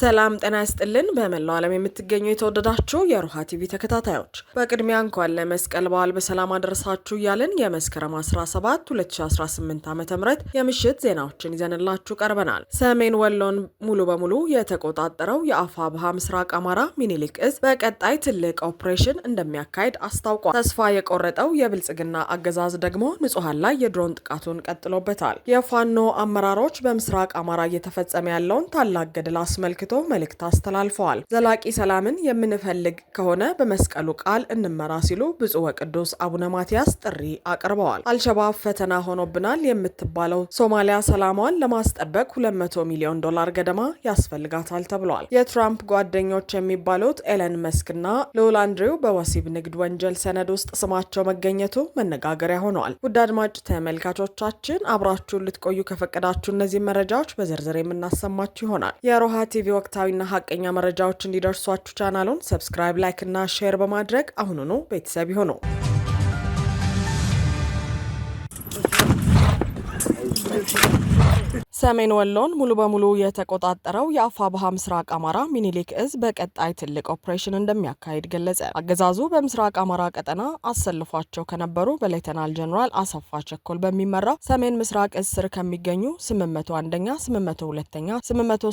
ሰላም ጤና ይስጥልን። በመላው ዓለም የምትገኙ የተወደዳችሁ የሮሃ ቲቪ ተከታታዮች በቅድሚያ እንኳን ለመስቀል በዓል በሰላም አደረሳችሁ እያልን የመስከረም 17 2018 ዓ ም የምሽት ዜናዎችን ይዘንላችሁ ቀርበናል። ሰሜን ወሎን ሙሉ በሙሉ የተቆጣጠረው የአፋ ብሃ ምስራቅ አማራ ሚኒሊክ እዝ በቀጣይ ትልቅ ኦፕሬሽን እንደሚያካሄድ አስታውቋል። ተስፋ የቆረጠው የብልጽግና አገዛዝ ደግሞ ንጹሐን ላይ የድሮን ጥቃቱን ቀጥሎበታል። የፋኖ አመራሮች በምስራቅ አማራ እየተፈጸመ ያለውን ታላቅ ገድል አስመልክ አመልክቶ መልእክት አስተላልፈዋል። ዘላቂ ሰላምን የምንፈልግ ከሆነ በመስቀሉ ቃል እንመራ ሲሉ ብፁዕ ወቅዱስ አቡነ ማትያስ ጥሪ አቅርበዋል። አልሸባብ ፈተና ሆኖብናል የምትባለው ሶማሊያ ሰላሟን ለማስጠበቅ 200 ሚሊዮን ዶላር ገደማ ያስፈልጋታል ተብሏል። የትራምፕ ጓደኞች የሚባሉት ኤለን መስክና ልዑል አንድሪው በወሲብ ንግድ ወንጀል ሰነድ ውስጥ ስማቸው መገኘቱ መነጋገሪያ ሆነዋል። ውድ አድማጭ ተመልካቾቻችን አብራችሁን ልትቆዩ ከፈቀዳችሁ እነዚህ መረጃዎች በዝርዝር የምናሰማችሁ ይሆናል። የሮሃ ቲቪ ወቅታዊና ሀቀኛ መረጃዎች እንዲደርሷችሁ ቻናሉን ሰብስክራይብ፣ ላይክ እና ሼር በማድረግ አሁኑኑ ቤተሰብ ይሁኑ። ሰሜን ወሎን ሙሉ በሙሉ የተቆጣጠረው የአፋብሃ ምስራቅ አማራ ሚኒሊክ እዝ በቀጣይ ትልቅ ኦፕሬሽን እንደሚያካሂድ ገለጸ። አገዛዙ በምስራቅ አማራ ቀጠና አሰልፏቸው ከነበሩ በሌተናል ጀኔራል አሰፋ ቸኮል በሚመራው ሰሜን ምስራቅ እዝ ስር ከሚገኙ ስምመቶ መቶ አንደኛ፣ ስምንት መቶ ሁለተኛ፣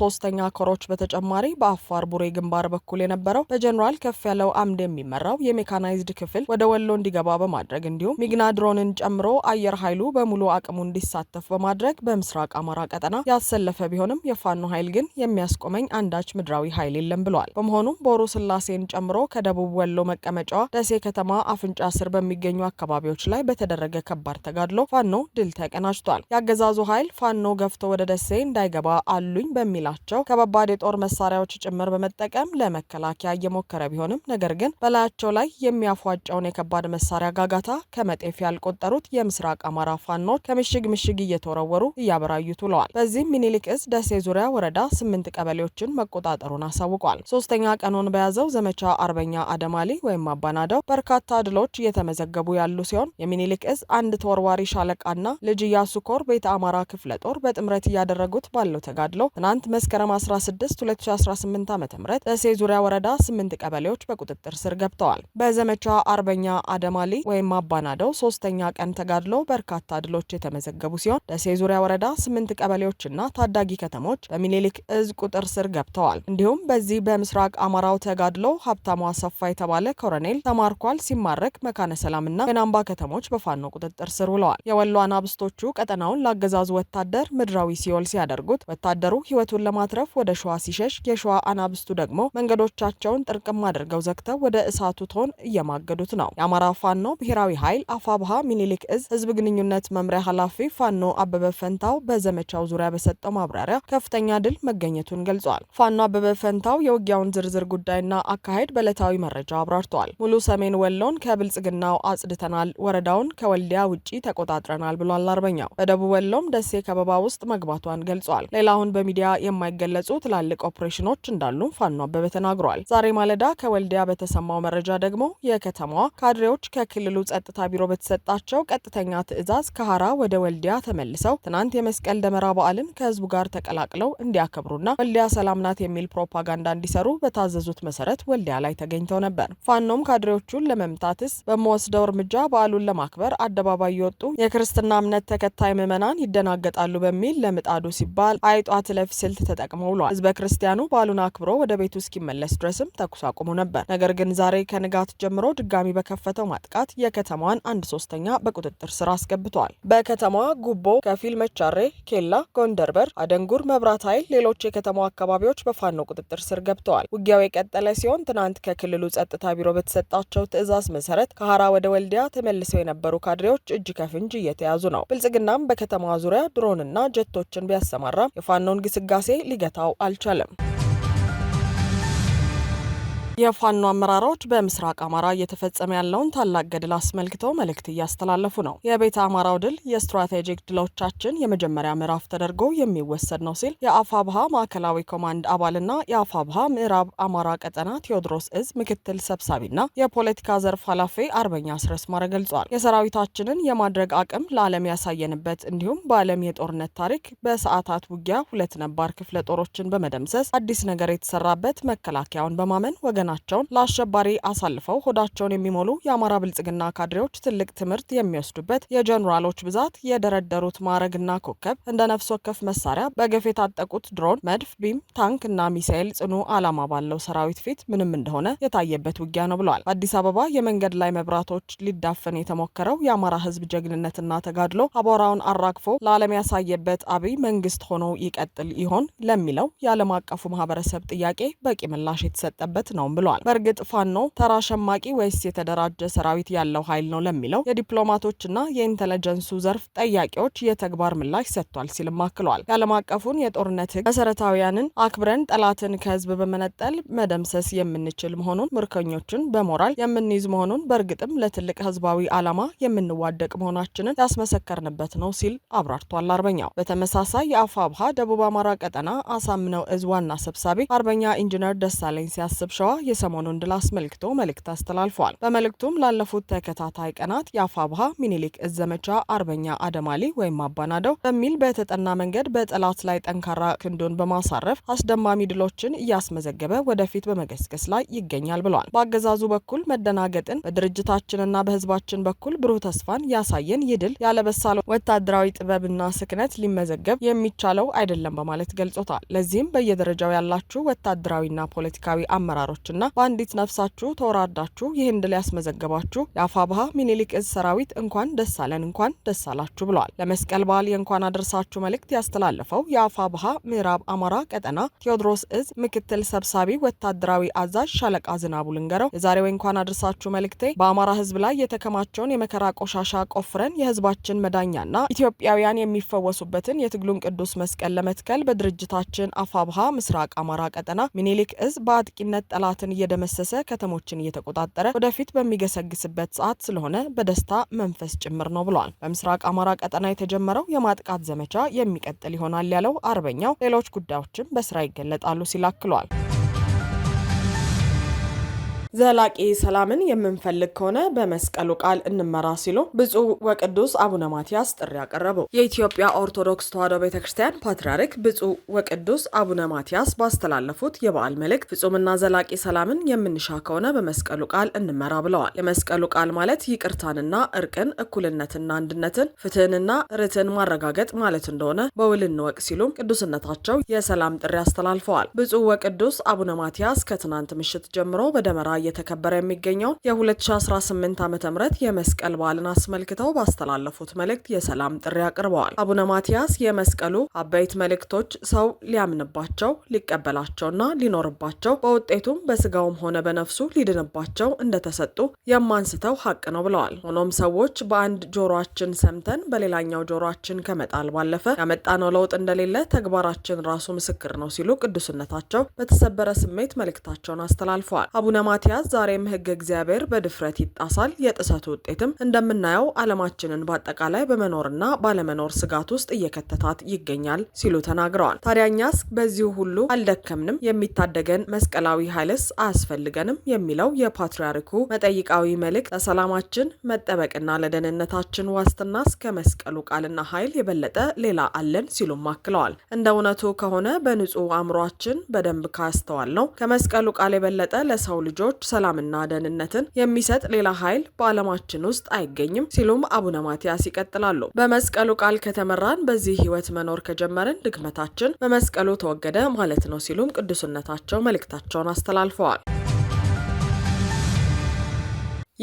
ሶስተኛ ኮሮች በተጨማሪ በአፋር ቡሬ ግንባር በኩል የነበረው በጀኔራል ከፍ ያለው አምድ የሚመራው የሜካናይዝድ ክፍል ወደ ወሎ እንዲገባ በማድረግ እንዲሁም ሚግና ድሮንን ጨምሮ አየር ኃይሉ በሙሉ አቅሙ እንዲሳተፍ በማድረግ በምስራቅ አማራ ቀጠና ያሰለፈ ቢሆንም የፋኖ ኃይል ግን የሚያስቆመኝ አንዳች ምድራዊ ኃይል የለም ብሏል። በመሆኑም ቦሮ ስላሴን ጨምሮ ከደቡብ ወሎ መቀመጫዋ ደሴ ከተማ አፍንጫ ስር በሚገኙ አካባቢዎች ላይ በተደረገ ከባድ ተጋድሎ ፋኖ ድል ተቀናጅቷል። የአገዛዙ ኃይል ፋኖ ገፍቶ ወደ ደሴ እንዳይገባ አሉኝ በሚላቸው ከባባድ የጦር መሳሪያዎች ጭምር በመጠቀም ለመከላከያ እየሞከረ ቢሆንም ነገር ግን በላያቸው ላይ የሚያፏጨውን የከባድ መሳሪያ ጋጋታ ከመጤፍ ያልቆጠሩት የምስራቅ አማራ ፋኖች ከምሽግ ምሽግ እየተወረወሩ እያበራዩት ውለዋል። ብለዋል። በዚህም ሚኒሊክ እዝ ደሴ ዙሪያ ወረዳ ስምንት ቀበሌዎችን መቆጣጠሩን አሳውቋል። ሶስተኛ ቀኑን በያዘው ዘመቻ አርበኛ አደማሊ ወይም አባናዳው በርካታ ድሎች እየተመዘገቡ ያሉ ሲሆን የሚኒሊክ እዝ አንድ ተወርዋሪ ሻለቃና ልጅ ኢያሱ ኮር ቤተ አማራ ክፍለ ጦር በጥምረት እያደረጉት ባለው ተጋድሎ ትናንት መስከረም 16 2018 ዓ ም ደሴ ዙሪያ ወረዳ ስምንት ቀበሌዎች በቁጥጥር ስር ገብተዋል። በዘመቻ አርበኛ አደማሊ ወይም አባናደው ሶስተኛ ቀን ተጋድሎ በርካታ ድሎች የተመዘገቡ ሲሆን ደሴ ዙሪያ ወረዳ ስምንት ቀበሌዎችና ታዳጊ ከተሞች በሚኒሊክ እዝ ቁጥር ስር ገብተዋል። እንዲሁም በዚህ በምስራቅ አማራው ተጋድሎ ሀብታሙ አሰፋ የተባለ ኮሎኔል ተማርኳል። ሲማረክ መካነ ሰላምና ጤናምባ ከተሞች በፋኖ ቁጥጥር ስር ውለዋል። የወሎ አናብስቶቹ ቀጠናውን ለአገዛዙ ወታደር ምድራዊ ሲኦል ሲያደርጉት፣ ወታደሩ ህይወቱን ለማትረፍ ወደ ሸዋ ሲሸሽ፣ የሸዋ አናብስቱ ደግሞ መንገዶቻቸውን ጥርቅም አድርገው ዘግተው ወደ እሳቱ ቶን እየማገዱት ነው። የአማራ ፋኖ ብሔራዊ ኃይል አፋብሃ ሚኒሊክ እዝ ህዝብ ግንኙነት መምሪያ ኃላፊ ፋኖ አበበ ፈንታው በዘመቻ ዘመቻው ዙሪያ በሰጠው ማብራሪያ ከፍተኛ ድል መገኘቱን ገልጿል። ፋኖ አበበ ፈንታው የውጊያውን ዝርዝር ጉዳይና አካሄድ በዕለታዊ መረጃ አብራርተዋል። ሙሉ ሰሜን ወሎን ከብልጽግናው አጽድተናል፣ ወረዳውን ከወልዲያ ውጪ ተቆጣጥረናል ብሏል። አርበኛው በደቡብ ወሎም ደሴ ከበባ ውስጥ መግባቷን ገልጿል። ሌላ በሚዲያ የማይገለጹ ትላልቅ ኦፕሬሽኖች እንዳሉ ፋኖ አበበ ተናግሯል። ዛሬ ማለዳ ከወልዲያ በተሰማው መረጃ ደግሞ የከተማዋ ካድሬዎች ከክልሉ ጸጥታ ቢሮ በተሰጣቸው ቀጥተኛ ትዕዛዝ ከሀራ ወደ ወልዲያ ተመልሰው ትናንት የመስቀል ደመራ የአማራ በዓልን ከህዝቡ ጋር ተቀላቅለው እንዲያከብሩና ወልዲያ ሰላም ናት የሚል ፕሮፓጋንዳ እንዲሰሩ በታዘዙት መሰረት ወልዲያ ላይ ተገኝተው ነበር። ፋኖም ካድሬዎቹን ለመምታትስ በመወስደው እርምጃ በዓሉን ለማክበር አደባባይ የወጡ የክርስትና እምነት ተከታይ ምዕመናን ይደናገጣሉ በሚል ለምጣዱ ሲባል አይጧ ትለፍ ስልት ተጠቅመው ውሏል። ህዝበ ክርስቲያኑ በዓሉን አክብሮ ወደ ቤቱ እስኪመለስ ድረስም ተኩስ አቁሙ ነበር። ነገር ግን ዛሬ ከንጋት ጀምሮ ድጋሚ በከፈተው ማጥቃት የከተማዋን አንድ ሶስተኛ በቁጥጥር ስር አስገብተዋል። በከተማዋ ጉቦ፣ ከፊል መቻሬ፣ ኬላ ጎንደር በር፣ አደንጉር፣ መብራት ኃይል፣ ሌሎች የከተማው አካባቢዎች በፋኖ ቁጥጥር ስር ገብተዋል። ውጊያው የቀጠለ ሲሆን ትናንት ከክልሉ ጸጥታ ቢሮ በተሰጣቸው ትዕዛዝ መሰረት ከሀራ ወደ ወልዲያ ተመልሰው የነበሩ ካድሬዎች እጅ ከፍንጅ እየተያዙ ነው። ብልጽግናም በከተማዋ ዙሪያ ድሮንና ጀቶችን ቢያሰማራ የፋኖን ግስጋሴ ሊገታው አልቻለም። የፋኖ አመራሮች በምስራቅ አማራ እየተፈጸመ ያለውን ታላቅ ገድል አስመልክተው መልእክት እያስተላለፉ ነው። የቤተ አማራው ድል የስትራቴጂክ ድሎቻችን የመጀመሪያ ምዕራፍ ተደርጎ የሚወሰድ ነው ሲል የአፋብሃ ማዕከላዊ ኮማንድ አባልና የአፋብሃ ምዕራብ አማራ ቀጠና ቴዎድሮስ እዝ ምክትል ሰብሳቢና የፖለቲካ ዘርፍ ኃላፊ አርበኛ ስረስማር ማረ ገልጿል። የሰራዊታችንን የማድረግ አቅም ለዓለም ያሳየንበት እንዲሁም በዓለም የጦርነት ታሪክ በሰዓታት ውጊያ ሁለት ነባር ክፍለ ጦሮችን በመደምሰስ አዲስ ነገር የተሰራበት መከላከያውን በማመን ወገን ወገናቸውን ለአሸባሪ አሳልፈው ሆዳቸውን የሚሞሉ የአማራ ብልጽግና ካድሬዎች ትልቅ ትምህርት የሚወስዱበት የጀኔራሎች ብዛት፣ የደረደሩት ማዕረግና ኮከብ፣ እንደ ነፍስ ወከፍ መሳሪያ በገፍ የታጠቁት ድሮን፣ መድፍ፣ ቢም፣ ታንክ እና ሚሳኤል ጽኑ ዓላማ ባለው ሰራዊት ፊት ምንም እንደሆነ የታየበት ውጊያ ነው ብለዋል። በአዲስ አበባ የመንገድ ላይ መብራቶች ሊዳፈን የተሞከረው የአማራ ህዝብ ጀግንነትና ተጋድሎ አቧራውን አራግፎ ለዓለም ያሳየበት አብይ መንግስት ሆኖ ይቀጥል ይሆን ለሚለው የዓለም አቀፉ ማህበረሰብ ጥያቄ በቂ ምላሽ የተሰጠበት ነው ብሏል። በእርግጥ ፋኖ ተራ ሸማቂ ወይስ የተደራጀ ሰራዊት ያለው ኃይል ነው ለሚለው የዲፕሎማቶችና የኢንተለጀንሱ ዘርፍ ጥያቄዎች የተግባር ምላሽ ሰጥቷል ሲልም አክለዋል። የዓለም አቀፉን የጦርነት ህግ መሰረታዊያንን አክብረን ጠላትን ከህዝብ በመነጠል መደምሰስ የምንችል መሆኑን፣ ምርኮኞችን በሞራል የምንይዝ መሆኑን፣ በእርግጥም ለትልቅ ህዝባዊ ዓላማ የምንዋደቅ መሆናችንን ያስመሰከርንበት ነው ሲል አብራርቷል። አርበኛው በተመሳሳይ የአፋብሃ ደቡብ አማራ ቀጠና አሳምነው እዝ ዋና ሰብሳቢ አርበኛ ኢንጂነር ደሳለኝ ሲያስብ ሸዋ የሰሞኑን ድል አስመልክቶ መልእክት አስተላልፏል። በመልእክቱም ላለፉት ተከታታይ ቀናት የአፋብሃ ሚኒሊክ እዝ ዘመቻ አርበኛ አደማሊ ወይም አባናደው በሚል በተጠና መንገድ በጠላት ላይ ጠንካራ ክንዱን በማሳረፍ አስደማሚ ድሎችን እያስመዘገበ ወደፊት በመገስገስ ላይ ይገኛል ብሏል። በአገዛዙ በኩል መደናገጥን በድርጅታችንና በህዝባችን በኩል ብሩህ ተስፋን ያሳየን ይህ ድል ያለበሳለ ወታደራዊ ጥበብና ስክነት ሊመዘገብ የሚቻለው አይደለም በማለት ገልጾታል። ለዚህም በየደረጃው ያላችሁ ወታደራዊና ፖለቲካዊ አመራሮችን ሰራዊትና በአንዲት ነፍሳችሁ ተወራዳችሁ ይህን ድል ያስመዘገባችሁ የአፋብሃ ሚኒሊክ እዝ ሰራዊት እንኳን ደስ አለን እንኳን ደስ አላችሁ ብለዋል። ለመስቀል በዓል የእንኳን አደርሳችሁ መልእክት ያስተላለፈው የአፋብሃ ምዕራብ አማራ ቀጠና ቴዎድሮስ እዝ ምክትል ሰብሳቢ ወታደራዊ አዛዥ ሻለቃ ዝናቡ ልንገረው የዛሬው እንኳን አደርሳችሁ መልእክቴ በአማራ ህዝብ ላይ የተከማቸውን የመከራ ቆሻሻ ቆፍረን የህዝባችን መዳኛና ኢትዮጵያውያን የሚፈወሱበትን የትግሉን ቅዱስ መስቀል ለመትከል በድርጅታችን አፋብሃ ምስራቅ አማራ ቀጠና ሚኒሊክ እዝ በአጥቂነት ጠላትን ተቋማትን እየደመሰሰ ከተሞችን እየተቆጣጠረ ወደፊት በሚገሰግስበት ሰዓት ስለሆነ በደስታ መንፈስ ጭምር ነው ብሏል። በምስራቅ አማራ ቀጠና የተጀመረው የማጥቃት ዘመቻ የሚቀጥል ይሆናል ያለው አርበኛው ሌሎች ጉዳዮችም በስራ ይገለጣሉ ሲል አክሏል። ዘላቂ ሰላምን የምንፈልግ ከሆነ በመስቀሉ ቃል እንመራ ሲሉ ብፁዕ ወቅዱስ አቡነ ማትያስ ጥሪ አቀረቡ። የኢትዮጵያ ኦርቶዶክስ ተዋሕዶ ቤተ ክርስቲያን ፓትርያርክ ብፁዕ ወቅዱስ አቡነ ማትያስ ባስተላለፉት የበዓል መልእክት ፍጹምና ዘላቂ ሰላምን የምንሻ ከሆነ በመስቀሉ ቃል እንመራ ብለዋል። የመስቀሉ ቃል ማለት ይቅርታንና እርቅን፣ እኩልነትና አንድነትን፣ ፍትህንና ርትን ማረጋገጥ ማለት እንደሆነ በውል እንወቅ ሲሉም ቅዱስነታቸው የሰላም ጥሪ አስተላልፈዋል። ብፁዕ ወቅዱስ አቡነ ማትያስ ከትናንት ምሽት ጀምሮ በደመራ እየተከበረ የሚገኘው የ2018 ዓ ም የመስቀል በዓልን አስመልክተው ባስተላለፉት መልእክት የሰላም ጥሪ አቅርበዋል። አቡነ ማቲያስ የመስቀሉ አበይት መልእክቶች ሰው ሊያምንባቸው ሊቀበላቸውና ሊኖርባቸው በውጤቱም በስጋውም ሆነ በነፍሱ ሊድንባቸው እንደተሰጡ የማንስተው ሀቅ ነው ብለዋል። ሆኖም ሰዎች በአንድ ጆሮአችን ሰምተን በሌላኛው ጆሮአችን ከመጣል ባለፈ ያመጣነው ለውጥ እንደሌለ ተግባራችን ራሱ ምስክር ነው ሲሉ ቅዱስነታቸው በተሰበረ ስሜት መልእክታቸውን አስተላልፈዋል። አቡነ ማትያስ ምክንያት ዛሬም ህግ እግዚአብሔር በድፍረት ይጣሳል። የጥሰቱ ውጤትም እንደምናየው ዓለማችንን በአጠቃላይ በመኖርና ባለመኖር ስጋት ውስጥ እየከተታት ይገኛል ሲሉ ተናግረዋል። ታዲያኛስ በዚሁ ሁሉ አልደከምንም፣ የሚታደገን መስቀላዊ ኃይልስ አያስፈልገንም የሚለው የፓትርያርኩ መጠይቃዊ መልእክት ለሰላማችን መጠበቅና ለደህንነታችን ዋስትና እስከ መስቀሉ ቃልና ኃይል የበለጠ ሌላ አለን ሲሉም አክለዋል። እንደ እውነቱ ከሆነ በንጹህ አእምሯችን በደንብ ካስተዋል ነው ከመስቀሉ ቃል የበለጠ ለሰው ልጆች ሀገሮች ሰላምና ደህንነትን የሚሰጥ ሌላ ኃይል በዓለማችን ውስጥ አይገኝም ሲሉም አቡነ ማቲያስ ይቀጥላሉ። በመስቀሉ ቃል ከተመራን በዚህ ህይወት መኖር ከጀመርን ድክመታችን በመስቀሉ ተወገደ ማለት ነው ሲሉም ቅዱስነታቸው መልእክታቸውን አስተላልፈዋል።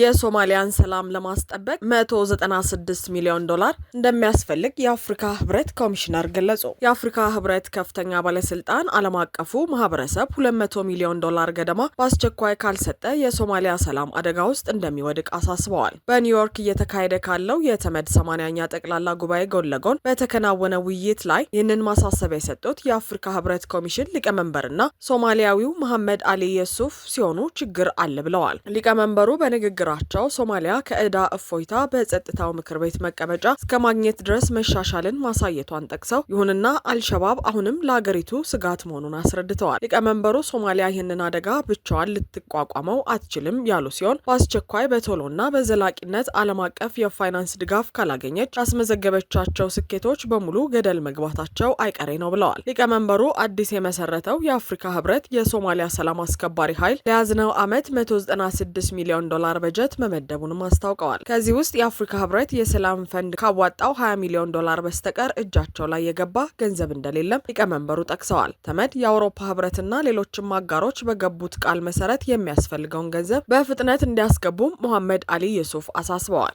የሶማሊያን ሰላም ለማስጠበቅ 196 ሚሊዮን ዶላር እንደሚያስፈልግ የአፍሪካ ህብረት ኮሚሽነር ገለጹ። የአፍሪካ ህብረት ከፍተኛ ባለስልጣን ዓለም አቀፉ ማህበረሰብ 200 ሚሊዮን ዶላር ገደማ በአስቸኳይ ካልሰጠ የሶማሊያ ሰላም አደጋ ውስጥ እንደሚወድቅ አሳስበዋል። በኒውዮርክ እየተካሄደ ካለው የተመድ 80ኛ ጠቅላላ ጉባኤ ጎን ለጎን በተከናወነ ውይይት ላይ ይህንን ማሳሰቢያ የሰጡት የአፍሪካ ህብረት ኮሚሽን ሊቀመንበርና ሶማሊያዊው መሐመድ አሊ የሱፍ ሲሆኑ ችግር አለ ብለዋል። ሊቀመንበሩ በንግግር በንግግራቸው ሶማሊያ ከእዳ እፎይታ በጸጥታው ምክር ቤት መቀመጫ እስከ ማግኘት ድረስ መሻሻልን ማሳየቷን ጠቅሰው ይሁንና አልሸባብ አሁንም ለአገሪቱ ስጋት መሆኑን አስረድተዋል። ሊቀመንበሩ ሶማሊያ ይህንን አደጋ ብቻዋን ልትቋቋመው አትችልም ያሉ ሲሆን በአስቸኳይ በቶሎና በዘላቂነት ዓለም አቀፍ የፋይናንስ ድጋፍ ካላገኘች ያስመዘገበቻቸው ስኬቶች በሙሉ ገደል መግባታቸው አይቀሬ ነው ብለዋል። ሊቀመንበሩ አዲስ የመሰረተው የአፍሪካ ህብረት የሶማሊያ ሰላም አስከባሪ ኃይል ለያዝነው ዓመት 196 ሚሊዮን ዶላር በ በጀት መመደቡንም አስታውቀዋል። ከዚህ ውስጥ የአፍሪካ ህብረት የሰላም ፈንድ ካዋጣው 20 ሚሊዮን ዶላር በስተቀር እጃቸው ላይ የገባ ገንዘብ እንደሌለም ሊቀመንበሩ ጠቅሰዋል። ተመድ፣ የአውሮፓ ህብረትና ሌሎችም አጋሮች በገቡት ቃል መሰረት የሚያስፈልገውን ገንዘብ በፍጥነት እንዲያስገቡም መሐመድ አሊ የሱፍ አሳስበዋል።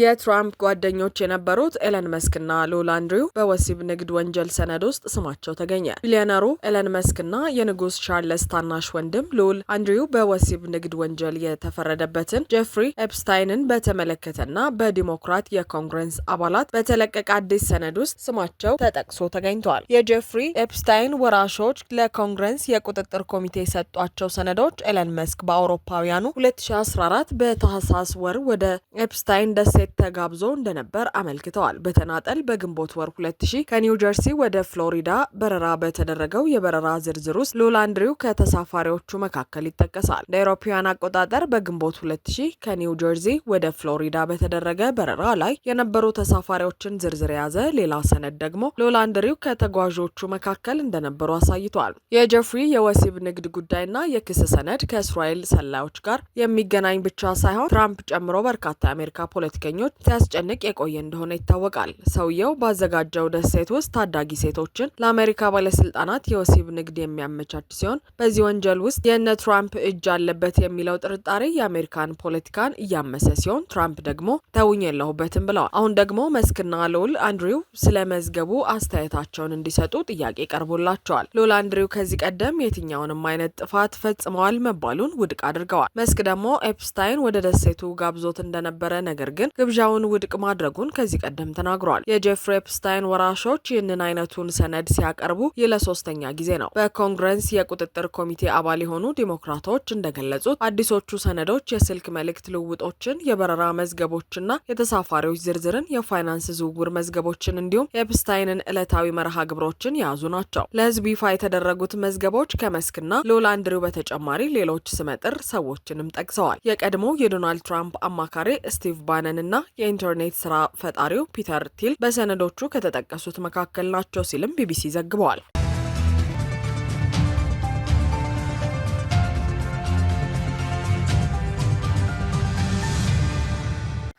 የትራምፕ ጓደኞች የነበሩት ኤለን መስክና ሎል አንድሪው በወሲብ ንግድ ወንጀል ሰነድ ውስጥ ስማቸው ተገኘ። ቢሊዮነሩ ኤለን መስክና የንጉስ ቻርለስ ታናሽ ወንድም ሎል አንድሪው በወሲብ ንግድ ወንጀል የተፈረደበትን ጀፍሪ ኤፕስታይንን በተመለከተና በዲሞክራት የኮንግረስ አባላት በተለቀቀ አዲስ ሰነድ ውስጥ ስማቸው ተጠቅሶ ተገኝተዋል። የጀፍሪ ኤፕስታይን ወራሾች ለኮንግረስ የቁጥጥር ኮሚቴ የሰጧቸው ሰነዶች ኤለን መስክ በአውሮፓውያኑ 2014 በታህሳስ ወር ወደ ኤፕስታይን ደሴት ተጋብዞ እንደነበር አመልክተዋል። በተናጠል በግንቦት ወር 2000 ከኒው ጀርሲ ወደ ፍሎሪዳ በረራ በተደረገው የበረራ ዝርዝር ውስጥ ሉል አንድሪው ከተሳፋሪዎቹ መካከል ይጠቀሳል። እንደ አውሮፓውያን አቆጣጠር በግንቦት 2000 ከኒው ጀርዚ ወደ ፍሎሪዳ በተደረገ በረራ ላይ የነበሩ ተሳፋሪዎችን ዝርዝር የያዘ ሌላ ሰነድ ደግሞ ሉል አንድሪው ከተጓዦቹ መካከል እንደነበሩ አሳይቷል። የጀፍሪ የወሲብ ንግድ ጉዳይና የክስ ሰነድ ከእስራኤል ሰላዮች ጋር የሚገናኝ ብቻ ሳይሆን ትራምፕ ጨምሮ በርካታ የአሜሪካ ፖለቲከኞች ጓደኞች ሲያስጨንቅ የቆየ እንደሆነ ይታወቃል። ሰውየው ባዘጋጀው ደሴት ውስጥ ታዳጊ ሴቶችን ለአሜሪካ ባለስልጣናት የወሲብ ንግድ የሚያመቻች ሲሆን በዚህ ወንጀል ውስጥ የእነ ትራምፕ እጅ አለበት የሚለው ጥርጣሬ የአሜሪካን ፖለቲካን እያመሰ ሲሆን፣ ትራምፕ ደግሞ ተውኝ የለሁበትም ብለዋል። አሁን ደግሞ መስክና ልዑል አንድሪው ስለ መዝገቡ አስተያየታቸውን እንዲሰጡ ጥያቄ ቀርቦላቸዋል። ልዑል አንድሪው ከዚህ ቀደም የትኛውንም አይነት ጥፋት ፈጽመዋል መባሉን ውድቅ አድርገዋል። መስክ ደግሞ ኤፕስታይን ወደ ደሴቱ ጋብዞት እንደነበረ ነገር ግን ግብዣውን ውድቅ ማድረጉን ከዚህ ቀደም ተናግሯል። የጀፍሪ ኤፕስታይን ወራሾች ይህንን አይነቱን ሰነድ ሲያቀርቡ ይህ ለሶስተኛ ጊዜ ነው። በኮንግረስ የቁጥጥር ኮሚቴ አባል የሆኑ ዲሞክራቶች እንደገለጹት አዲሶቹ ሰነዶች የስልክ መልእክት ልውውጦችን፣ የበረራ መዝገቦችና የተሳፋሪዎች ዝርዝርን፣ የፋይናንስ ዝውውር መዝገቦችን እንዲሁም የኤፕስታይንን ዕለታዊ መርሃ ግብሮችን የያዙ ናቸው። ለህዝብ ይፋ የተደረጉት መዝገቦች ከመስክና ሎላ አንድሪው በተጨማሪ ሌሎች ስመጥር ሰዎችንም ጠቅሰዋል። የቀድሞ የዶናልድ ትራምፕ አማካሪ ስቲቭ ባነን እና የኢንተርኔት ስራ ፈጣሪው ፒተር ቲል በሰነዶቹ ከተጠቀሱት መካከል ናቸው ሲልም ቢቢሲ ዘግበዋል።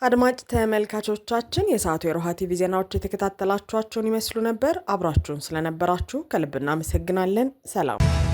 አድማጭ ተመልካቾቻችን የሰዓቱ የሮሃ ቲቪ ዜናዎች የተከታተላችኋቸውን ይመስሉ ነበር። አብራችሁን ስለነበራችሁ ከልብ እናመሰግናለን። ሰላም